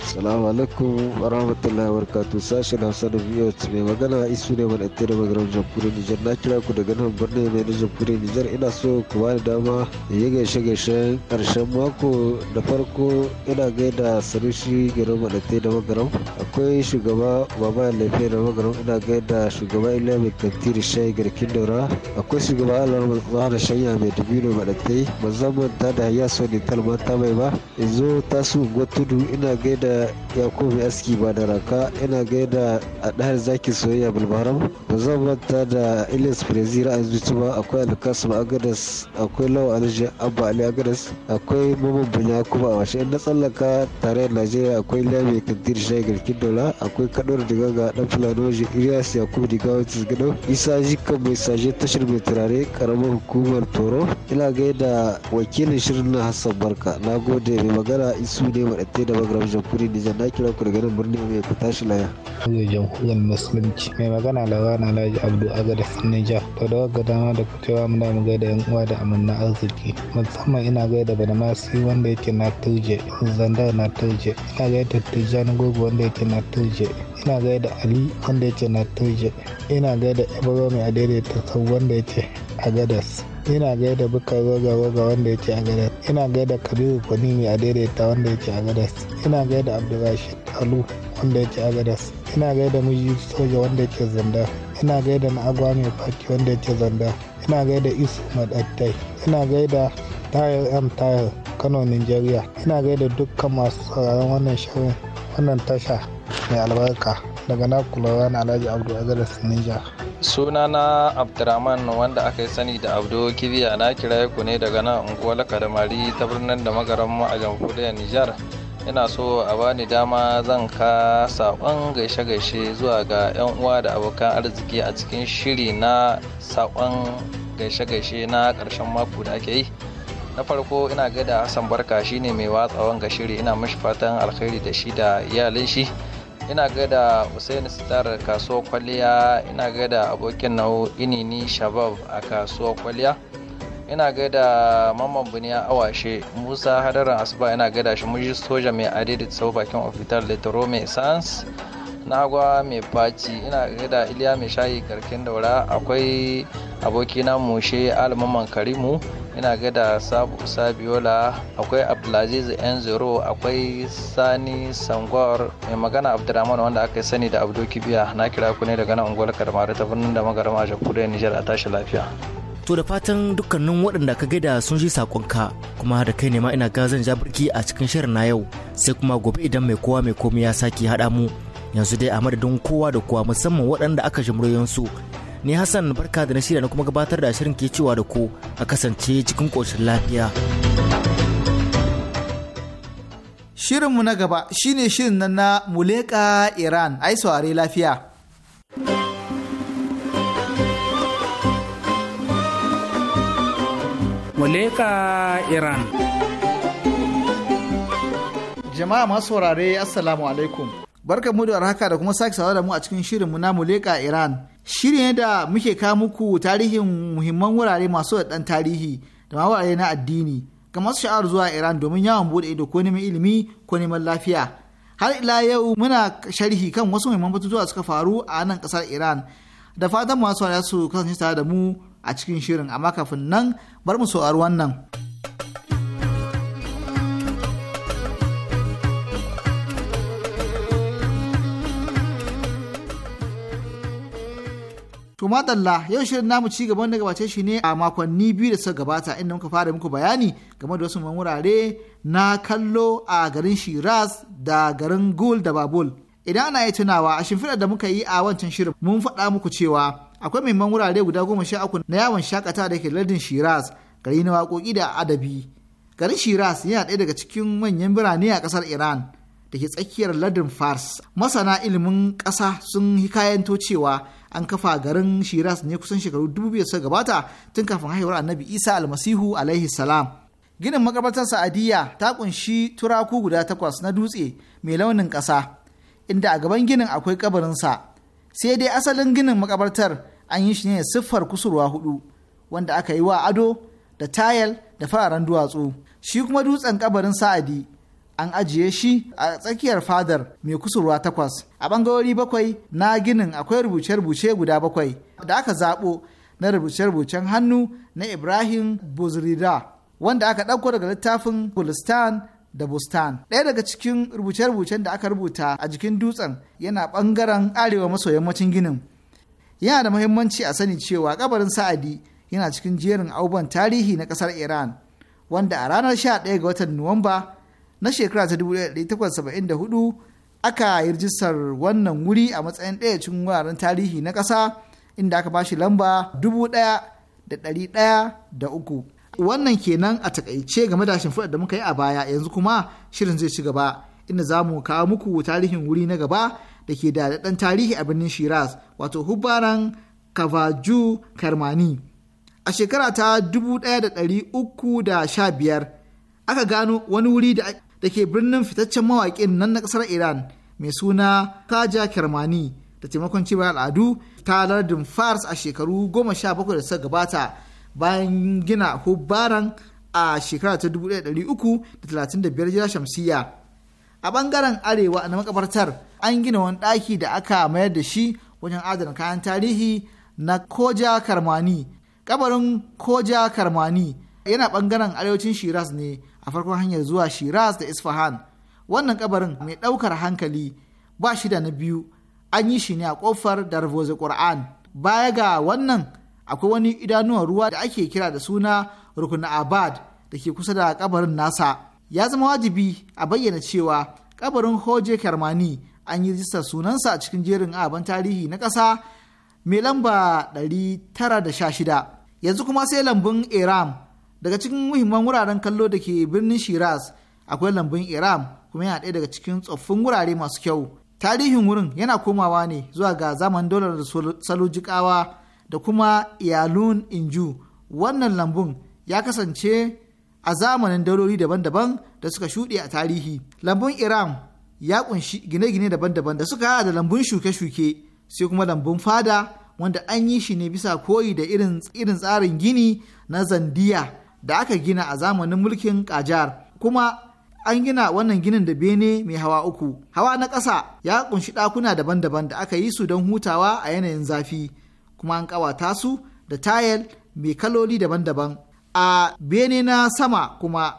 salamu alaikum wa rahmatullahi wa barakatu sashen hausa da biyu mai magana isu ne mai da magaram jamhuriyar nijar na kira ku daga nan birnin mai na jamhuriyar nijar ina so ku ba da dama ya gaishe gaishe karshen mako da farko ina gaida sarushi gero mai ɗantar da magaram akwai shugaba baba ya lafiya da magaram ina gaida shugaba iliya mai kantiri shayi garkin daura akwai shugaba alamar da shanya mai dubino maɗattai ba zan manta da hayya so ne talmanta mai ba yanzu tasu tudu ina gaida yakubu aski ba da raka ina gaida a ɗahar zaki soyayya bulbaram ba zan manta da ilis brezil a zuci ba akwai alkasim agadas akwai lawa alhaji abba ali agadas akwai mamman bunya kuma a washe na tsallaka tare da najeriya akwai lami kantir shagar kindola akwai kaɗuwar digaga ɗan fulanoji ilyas yakubu digawa gado isa jikan mai sajeta ta bashir mai turare karamar hukumar toro ina gaida wakilin shirin na hassan barka na gode mai magana isu ne maɗatai da magana jamhuri nijar na kira ku daga nan birnin mai ku tashi laya. Hanyar jamhuriyar musulunci mai magana na alhaji abdu da sinija to da ga dama da kutewa muna mu gaida yan uwa da amanna arziki musamman ina gaida badamasi wanda yake na turje zandar na turje ina gaida tijjani gogo wanda yake na turje ina gaida ali wanda ce na toje ina gaida ibro mai adaidaita sau wanda ce a gadas ina gaida bukar roga roga wanda ce a gadas ina gaida kabiru kwani mai adaidaita wanda ce a gadas ina gaida abdurrashid alu wanda ce a gadas ina gaida miji soja wanda ya ce zanda ina gaida na agwa mai faki wanda ya ce zanda ina gaida isu madattai ina gaida tayar m tayar kano nigeria ina gaida dukkan masu sauraron wannan shirin wannan tasha mai albarka daga na kulawa na alhaji abdu agadas suna na abdurrahman wanda aka yi sani da abdu kibiya na kiraye ku ne daga nan unguwar kadamari ta birnin da magaran a jamhuriyar nijar ina so a bani dama zan ka saƙon gaishe-gaishe zuwa ga 'yan uwa da abokan arziki a cikin shiri na saƙon gaishe-gaishe na ƙarshen mako da ake yi na farko ina gaida hassan barka shine mai watsawan ga shiri ina mashi fatan alkhairi da shi da iyalin shi ina gada usaini sitar kasuwar kwalliya ina gada abokin nau inini shabab a kasuwar kwalliya ina gada mamman buniya awashe musa hadarin asuba ina gada shi muji soja mai adadi sau bakin ofitar litoro mai sans nagwa mai faci ina da iliya mai shayi karkin daura akwai abokina mushe almaman karimu ina gada sabu sabiola akwai abdulaziz yan zero akwai sani sangwar mai magana abdurrahman wanda aka sani da abdo kibiya na kira ku ne daga nan unguwar karmari ta birnin da magarama a jakudai nijar a tashi lafiya to da fatan dukkanin waɗanda ka gaida sun ji sakonka kuma da kai ne ma ina gazan birki a cikin shirin na yau sai kuma gobe idan mai kowa mai komai ya sake haɗa mu yanzu dai a madadin kowa da kowa musamman waɗanda aka ji muryoyinsu ni hassan barka da na shirya na kuma gabatar da shirin ke cewa da ku a kasance cikin ƙoshin lafiya shirinmu na gaba shine shirin nan na muleka iran ai saurare lafiya muleka iran jama'a masu saurare assalamu alaikum barka mu da warhaka da kuma sake sawa da mu a cikin shirinmu na Muleka Iran. Shirin da muke kawo muku tarihin muhimman wurare masu da ɗan tarihi da ma wurare na addini ga masu sha'awar zuwa Iran domin yawon buɗe ido ko neman ilimi ko neman lafiya. Har ila yau muna sharhi kan wasu muhimman batutuwa suka faru a nan kasar Iran. Da fatan masu su kasance tare da mu a cikin shirin amma kafin nan bar mu saurari wannan. To madalla yau shirin namu ci gaban da gabace shi ne a makonni biyu da suka gabata inda muka fara muku bayani game da wasu wurare na kallo a garin Shiraz da garin Gul da Babul. Idan ana yi tunawa a shimfiɗar da muka yi a wancan shirin mun faɗa muku cewa akwai muhimman wurare guda goma sha uku na yawon shakata da ke lardin Shiraz gari na waƙoƙi da adabi. Garin Shiraz yana ɗaya daga cikin manyan birane a ƙasar Iran. da ke tsakiyar ladin fars masana ilimin ƙasa sun hikayanto cewa an kafa garin shiraz ne kusan shekaru dubu biyu suka gabata tun kafin haihuwar annabi isa almasihu alaihi salam ginin makabartar sa'adiyya ta kunshi turaku guda takwas na dutse mai launin ƙasa inda a gaban ginin akwai kabarinsa sai dai asalin ginin makabartar an yi shi ne siffar kusurwa hudu wanda aka yi wa ado da tayal da fararen duwatsu shi kuma dutsen kabarin sa'adi an ajiye shi a tsakiyar fadar mai kusurwa takwas a ɓangarori bakwai na ginin akwai rubuce-rubuce guda bakwai da aka zaɓo na rubuce-rubucen hannu na ibrahim buzrida wanda aka ɗauko daga littafin gulistan da bustan ɗaya daga cikin rubuce-rubucen da aka rubuta a jikin dutsen yana ɓangaren arewa maso yammacin ginin yana da muhimmanci a sani cewa kabarin sa'adi yana cikin jerin auban tarihi na ƙasar iran wanda a ranar 11 ga watan nuwamba na shekara ta 1874 aka yi rijistar wannan wuri a matsayin ɗaya cikin wuraren tarihi na ƙasa inda aka bashi lamba 1,103. Wannan kenan a takaice game da shimfiɗar da muka yi a baya yanzu kuma shirin zai ci gaba inda za mu kawo muku tarihin wuri na gaba da ke da daɗan tarihi a birnin Shiraz wato Hubaran Kavaju Karmani. A shekara ta 1315 aka gano wani wuri da da ke birnin fitaccen mawaƙin nan na ƙasar Iran mai suna Kaja Kermani da taimakon cibiyar al'adu ta lardin Fars a shekaru goma sha bakwai da suka gabata bayan gina hubbaran a shekara ta biyar jira shamsiya. A bangaren arewa na makabartar an gina wani ɗaki da aka mayar da shi wajen adana kayan tarihi na Koja Karmani. Kabarin Koja Karmani yana ɓangaren arewacin Shiraz ne a farkon hanyar zuwa Shiraz da Isfahan. Wannan kabarin mai ɗaukar hankali ba shi da na biyu an yi shi ne a ƙofar Darvoze Qur'an. Baya ga wannan akwai wani idanuwan ruwa da ake kira da suna Rukun Abad da ke kusa da kabarin nasa. Ya zama wajibi a bayyana cewa kabarin Hoje Karmani an yi rijistar sunansa a cikin jerin aban tarihi na ƙasa mai lamba 916. Yanzu kuma sai lambun Iram daga cikin muhimman wuraren kallo da ke birnin shiraz akwai lambun iram kuma yana ɗaya daga cikin tsoffin wurare masu kyau tarihin wurin yana komawa ne zuwa ga zaman dolar da salojikawa da kuma iyalun inju wannan lambun ya kasance a zamanin daurori daban-daban da suka shuɗe a tarihi lambun iram ya kunshi gine-gine daban-daban da suka haɗa da lambun shuke-shuke sai kuma lambun fada wanda an yi shi ne bisa koyi da irin tsarin gini na zandiya da aka gina a zamanin mulkin Kajar kuma an gina wannan ginin da bene mai hawa uku. Hawa na ƙasa ya kunshi ɗakuna daban-daban da aka yi su don hutawa a yanayin zafi kuma an ƙawata su da tayel mai kaloli daban-daban. A bene na sama kuma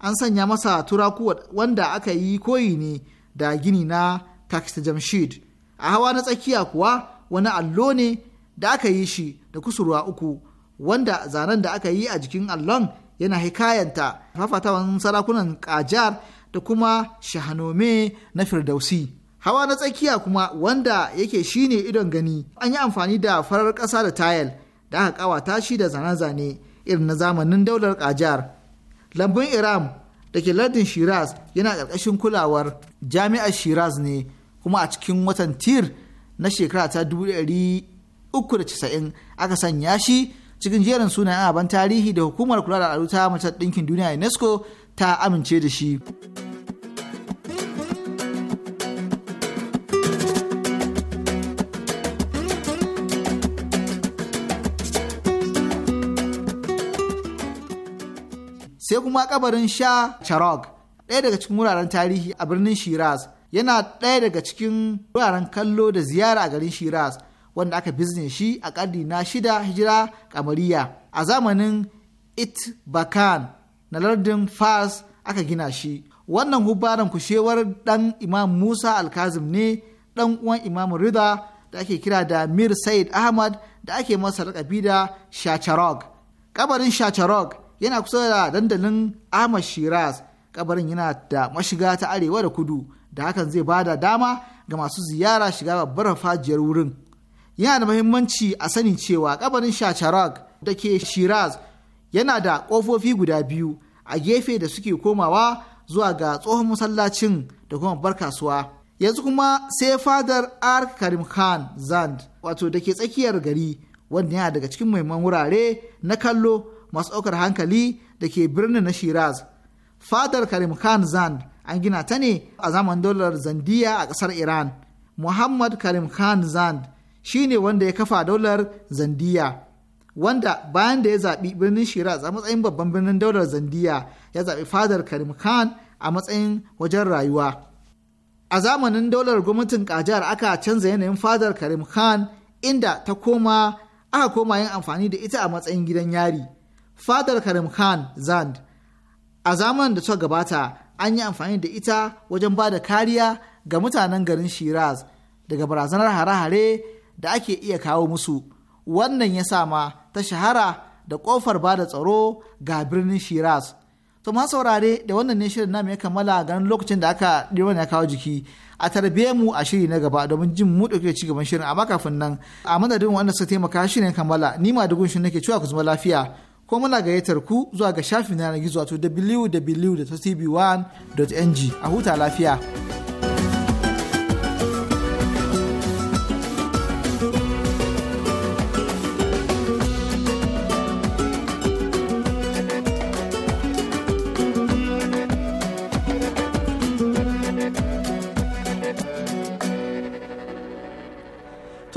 an sanya masa turaku wanda aka yi koyi ne da gini na Takista Jamshid. A hawa na tsakiya kuwa wani allo ne da aka yi shi da kusurwa uku wanda zanen da aka yi a jikin allon yana hikayanta fafatawan sarakunan kajar da kuma shahanome na firdausi hawa na tsakiya kuma wanda yake shine idon gani an yi amfani da farar ƙasa da tayal da aka kawata shi da zane-zane irin na zamanin daular kajar lambun iram da ke lardin shiraz yana ƙarƙashin kulawar jami'ar shiraz ne kuma a cikin watan tir na shekara ta 390 aka sanya shi cikin jerin sunayen abin tarihi da hukumar kula da al'adu ta mace ɗinkin duniya unesco ta amince da shi sai kuma kabarin sha charog ɗaya daga cikin wuraren tarihi a birnin shiraz yana ɗaya daga cikin wuraren kallo da ziyara a garin shiraz wanda aka bizne shi a ƙarni na shida hijira kamariya a zamanin itbakan na lardin Fars aka gina shi wannan hubbaran kushewar ɗan imam musa alkazim ne ɗan uwan imam rida da ake kira da mir said ahmad da ake masa lakabi da shacharog Ƙabarin shacharog yana kusa da dandalin ahmad shiraz ƙabarin yana da mashiga ta arewa da kudu da hakan zai bada dama ga masu ziyara shiga babbar fajiyar wurin yana da mahimmanci a sani cewa kabarin shacharag da ke shiraz yana da kofofi guda biyu a gefe da suke komawa zuwa ga tsohon masallacin da kuma bar kasuwa yanzu kuma sai fadar ar karim khan zand wato da ke tsakiyar gari wanda yana daga cikin muhimman wurare na kallo masu ɗaukar hankali da ke birnin na shiraz fadar karim khan zand an gina ta ne a zaman dolar zandiya a ƙasar iran muhammad karim khan zand Shi ne wanda ya kafa daular zandiya wanda bayan da ya zaɓi birnin shiraz a matsayin babban birnin daular zandiya ya zaɓi fadar karim khan a matsayin wajen rayuwa a zamanin daular gwamnatin kajar aka canza yanayin fadar karim khan inda ta koma aka koma yin amfani da ita a matsayin gidan yari fadar karim khan zand a zamanin da ta gabata an yi amfani da ita wajen ba da kariya ga mutanen garin shiraz daga barazanar hare-hare da ake iya kawo musu wannan ya sa ma ta shahara da kofar ba da tsaro ga birnin shiraz to ma saurare da wannan ne shirin namu ya kammala ganin lokacin da aka ɗiwon ya kawo jiki a tarbe mu a shiri na gaba domin jin mu ɗauke ci gaban shirin amma kafin nan a madadin wanda suka taimaka shirin kammala ni ma dugun shi nake cewa ku zama lafiya ko muna gayyatar ku zuwa ga shafin yanar gizo wato www.tv1.ng a huta lafiya.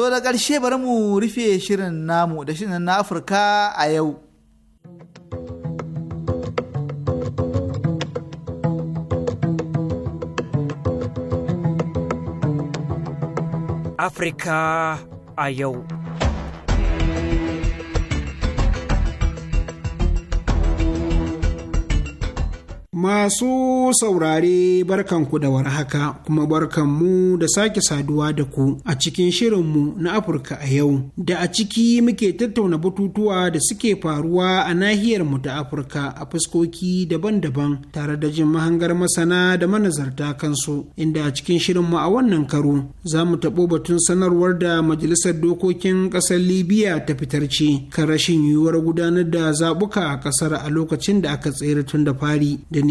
To da ƙarshe bari mu rufe shirin namu da shirin na Afirka a yau. Afirka a yau. Masu saurare barkanku da warhaka kuma barkanmu da sake saduwa da ku a cikin shirin mu na Afirka a yau da a ciki muke tattauna batutuwa da suke faruwa a nahiyar mu ta Afirka a fuskoki daban-daban tare da jin mahangar masana da manazarta kansu inda a cikin shirin mu a wannan karo za mu taɓo batun sanarwar da Majalisar Dokokin Ƙasar Libya ta fitar ce kan rashin yiwuwar gudanar da zaɓuka a ƙasar a lokacin da aka tsere tun da fari da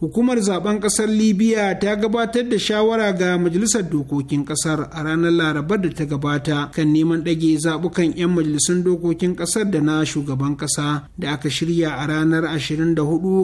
hukumar zaben kasar libya ta gabatar da shawara ga majalisar dokokin kasar a ranar larabar da ta gabata kan neman ɗage zaɓukan 'yan majalisun dokokin kasar da na shugaban kasa da aka shirya a ranar 24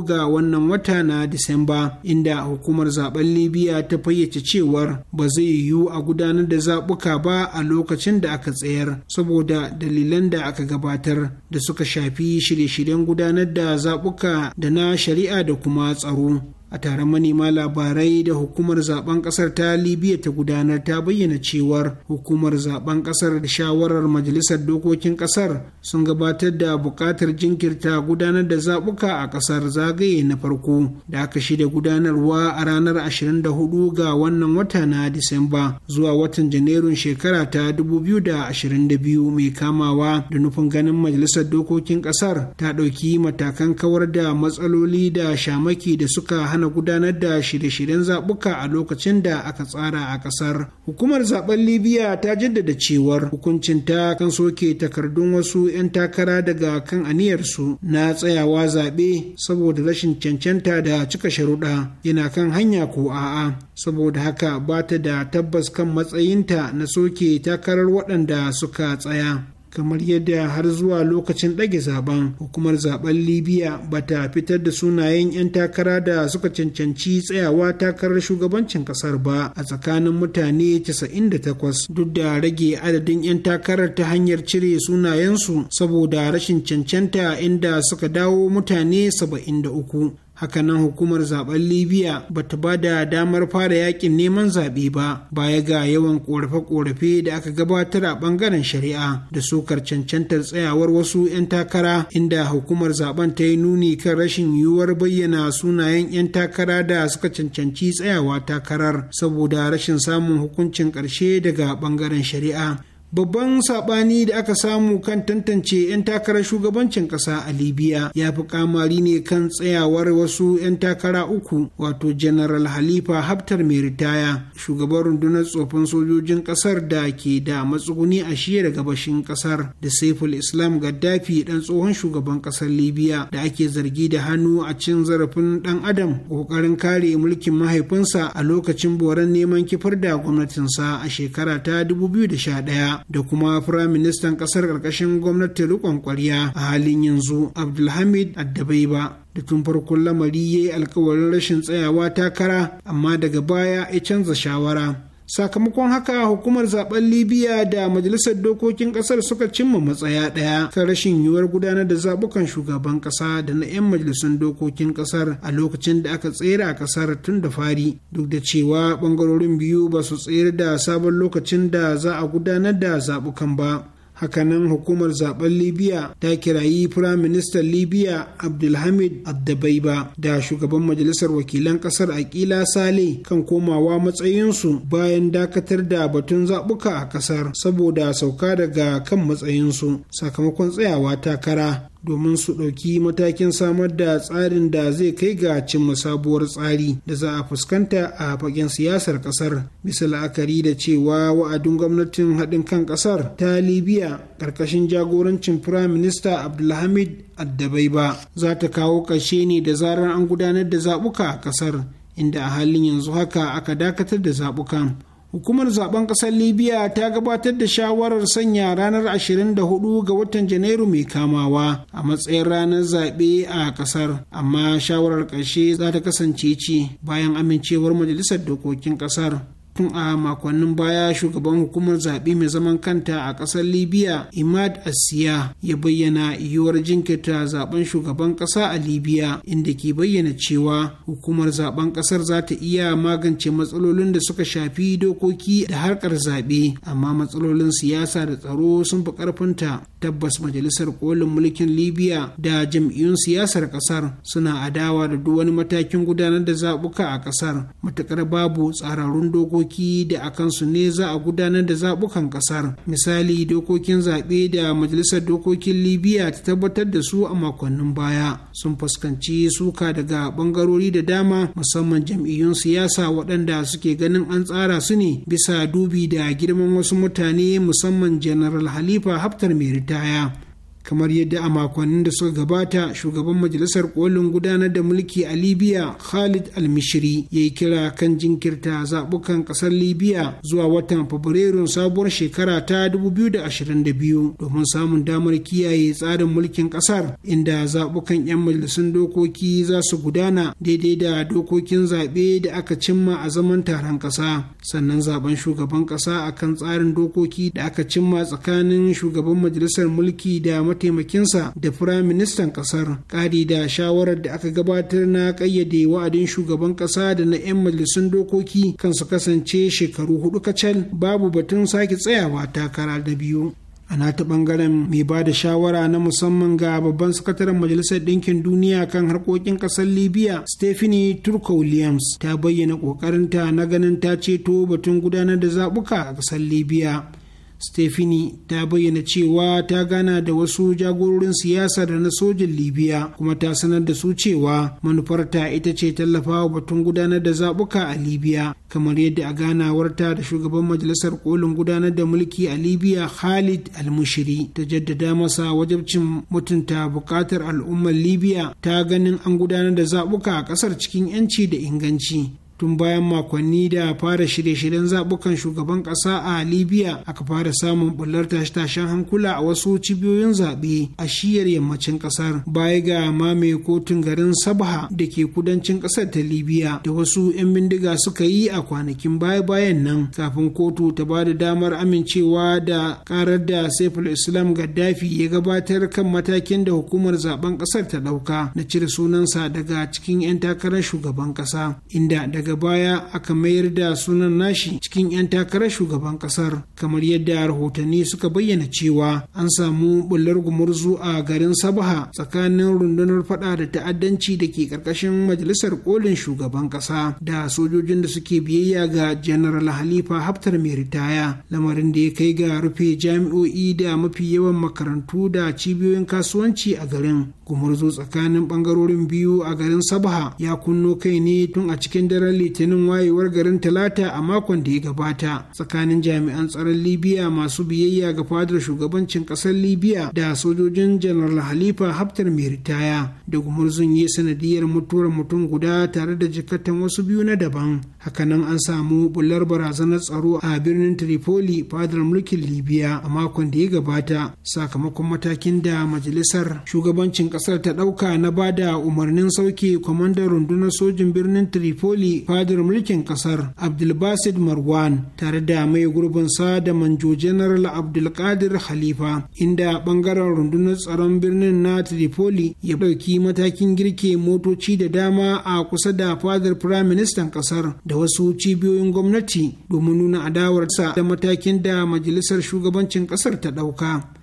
ga wannan wata na disamba inda hukumar zaben libya ta fayyace cewar ba zai yiwu a gudanar da zaɓuka ba a lokacin da aka tsayar saboda dalilan da aka gabatar da suka shafi shirye-shiryen gudanar da zaɓuka da na shari'a da kuma tsaro a taron manema labarai da hukumar zaben kasar ta libya ta gudanar ta bayyana cewar hukumar zaben kasar da shawarar majalisar dokokin kasar sun gabatar da buƙatar jinkirta gudanar da zaɓuka a kasar zagaye na farko da aka shida gudanarwa a ranar 24 ga wannan wata na disamba zuwa watan janairun shekara ta 2022 mai kamawa da nufin ganin majalisar dokokin kasar ta ɗauki matakan kawar da matsaloli da shamaki da suka hana hana gudanar da shirye-shiryen zaɓuka a lokacin da aka tsara a ƙasar. Hukumar zaben Libya ta jaddada cewar Hukuncin ta kan soke takardun wasu 'yan takara daga kan aniyarsu na tsayawa zaɓe saboda rashin cancanta da cika sharuɗa yana kan hanya ko a'a. Saboda haka ba ta da tabbas kan matsayinta na soke takarar waɗanda suka tsaya. kamar yadda har zuwa lokacin ɗage zaben hukumar zaben libya ba ta fitar da sunayen 'yan takara da suka cancanci tsayawa takarar shugabancin kasar ba a tsakanin mutane 98 duk da rage adadin 'yan takarar ta hanyar cire sunayensu saboda rashin cancanta inda suka dawo mutane 73 hakanan hukumar zaben libya ba ta ba da damar fara yakin neman zaɓe ba baya ga yawan korafe-korafe da aka gabatar a ɓangaren shari'a da sukar cancantar tsayawar wasu 'yan takara inda hukumar zaben ta yi nuni kan rashin yiwuwar bayyana sunayen 'yan takara da suka cancanci tsayawa takarar saboda rashin samun hukuncin ƙarshe daga ɓangaren shari'a babban saɓani da aka samu kan tantance 'yan takarar shugabancin ƙasa a libya ya fi kamari ne kan tsayawar wasu 'yan takara uku wato general halifa haftar mai ritaya shugaban rundunar tsofin sojojin ƙasar da ke da matsuguni a shiyar gabashin ƙasar da saiful islam gaddafi ɗan tsohon shugaban ƙasar libya da ake zargi da hannu a cin zarafin ɗan adam ƙoƙarin kare mulkin mahaifinsa a lokacin boran neman kifar da gwamnatinsa a shekara ta 2011 da kuma Firayim Ministan ƙasar ƙarƙashin gwamnati riƙon ƙwarya a halin yanzu abdulhamid addabaiba da tun farkon lamari ya yi alkawarin rashin tsayawa takara amma daga baya ya canza shawara sakamakon haka hukumar zaben libya da majalisar dokokin kasar suka cimma matsaya ɗaya kan rashin yiwuwar gudanar da zabukan shugaban kasa da na 'yan majalisun dokokin kasar a lokacin da aka tsere a kasar tun da fari duk da cewa bangarorin biyu ba su tsere da sabon lokacin da za a gudanar da zabukan ba hakanan hukumar zaben libya ta kirayi firayim ministan libya abdulhamid addabaiba da shugaban majalisar wakilan kasar akila sale kan komawa matsayinsu bayan dakatar da batun zabuka a kasar saboda sauka daga kan matsayinsu sakamakon tsayawa takara domin su ɗauki matakin samar da tsarin da zai kai ga cimma sabuwar tsari da za a fuskanta a fagen siyasar ƙasar bisa la'akari da cewa wa'adin gwamnatin haɗin kan ƙasar ta libya ƙarƙashin jagorancin prime minister abdulhamid addabai ba za ta kawo ƙarshe ne da zarar an gudanar da zaɓuka a ƙasar inda a halin yanzu haka aka dakatar da zaɓukan hukumar zaben kasar libya ta gabatar da shawarar sanya ranar 24 ga watan janairu mai kamawa a matsayin ranar zaɓe a kasar amma shawarar ƙarshe za ta kasance ce bayan amincewar majalisar dokokin kasar tun a makonnin baya shugaban hukumar zaɓe mai zaman kanta a ƙasar libya imad asiya ya bayyana yiwuwar jinkirta zaben shugaban ƙasa a libya inda ke bayyana cewa hukumar zaben ƙasar za ta iya magance matsalolin da suka shafi dokoki da harkar zaɓe amma matsalolin siyasa da tsaro sun fi ƙarfinta tabbas majalisar kolin mulkin libya da jam'iyyun siyasar ƙasar suna adawa da duk wani matakin gudanar da zaɓuka a ƙasar matuƙar babu tsararrun dokoki dokoki da a kansu ne za a gudanar da zaɓukan ƙasar misali dokokin zaɓe da majalisar dokokin libya ta tabbatar da su a makonnin baya sun fuskanci suka daga ɓangarori da dama musamman jam'iyyun siyasa waɗanda suke ganin an tsara su ne bisa dubi da girman wasu mutane musamman general halifa haftar mai ritaya kamar yadda a makonnin da suka gabata shugaban majalisar kolin gudanar da mulki a libya khalid almishiri ya yi kira kan jinkirta zaɓukan ƙasar libya zuwa watan fabrairun sabuwar shekara ta 2022 domin samun damar kiyaye tsarin mulkin ƙasar inda zaɓukan 'yan majalisun dokoki za su gudana daidai da dokokin zaɓe da aka cimma a zaman taron ƙasa sannan zaben shugaban ƙasa akan tsarin dokoki da aka cimma tsakanin shugaban majalisar mulki da mataimakinsa da firayim ministan ƙasar ƙari da shawarar da aka gabatar na kayyade wa'adin shugaban kasa da na 'yan majalisun dokoki kan su kasance shekaru hudu kacal babu batun sake tsayawa takara da biyu a nata bangaren mai ba da shawara na musamman ga babban sakataren majalisar ɗinkin duniya kan harkokin ƙasar libya stephanie turko williams ta bayyana ƙoƙarinta na ganin ta ceto batun gudanar da zaɓuka a ƙasar libya Stefani ta bayyana cewa ta gana da wasu jagororin siyasa da na sojin libiya kuma ta sanar da su cewa manufarta ita ce tallafawa batun gudanar da zabuka a libiya kamar yadda a ganawarta da shugaban majalisar kolin gudanar da mulki a libiya Khalid Al-Mushiri ta jaddada masa wajabcin mutunta buƙatar al'ummar libiya ta ganin an gudanar da zabuka a ƙasar cikin 'yanci da inganci tun bayan makonni da fara shirye-shiryen zaɓukan shugaban ƙasa a libya aka fara samun bullar tashe-tashen hankula a wasu cibiyoyin zaɓe a shiyar yammacin ƙasar baya ga mame kotun garin sabha da ke kudancin ƙasar ta libya da wasu 'yan bindiga suka yi a kwanakin baya-bayan nan kafin kotu ta ba da damar amincewa da karar da saiful islam gaddafi ya gabatar kan matakin da hukumar zaben ƙasar ta ɗauka na cire sunansa daga cikin 'yan takarar shugaban ƙasa inda daga baya aka mayar da sunan nashi cikin 'yan takarar shugaban kasar kamar yadda rahotanni suka bayyana cewa an samu bullar gumurzu a garin sabaha tsakanin rundunar fada da ta'addanci da ke karkashin majalisar kolin shugaban kasa da sojojin da suke biyayya ga general halifa haftar mai ritaya lamarin da ya kai ga rufe jami'o'i da mafi yawan makarantu da cibiyoyin kasuwanci a garin gumurzu tsakanin bangarorin biyu a garin sabha ya kunno kai ne tun a cikin daren litinin wayewar garin talata a makon da ya gabata tsakanin jami'an tsaron libya masu biyayya ga fadar shugabancin kasar libya da sojojin janar halifa haftar mai ritaya da gumurzun yi sanadiyar mutuwar mutum guda tare da jikatan wasu biyu na daban hakanan an samu bular barazanar tsaro a birnin tripoli fadar mulkin libya a makon da ya gabata sakamakon matakin da majalisar shugabancin kasar ta ɗauka na bada umarnin sauke kwamandan rundunar sojin birnin tripoli fadar mulkin kasar abdulbasid marwan tare da mai gurbin sa da manjo general abdulkadir khalifa inda bangaren rundunar tsaron birnin na tripoli ya ɗauki matakin girke motoci da dama a kusa da fadar firayim ministan kasar da wasu cibiyoyin gwamnati domin nuna adawarsa da matakin da majalisar shugabancin kasar ta ɗauka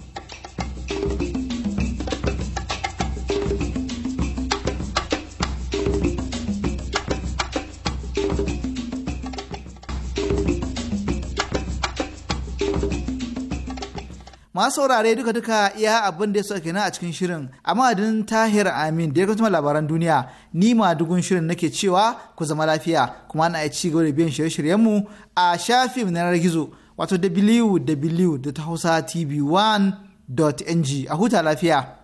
masu saurare duka duka iya abin da ya sauke kenan a cikin shirin a madadin tahir amin da ya kuma labaran duniya ni ma dugun shirin nake cewa ku zama lafiya kuma ana ci gaba da biyan shirye-shiryenmu a shafin na gizo wato www.hausatv1.ng a huta lafiya.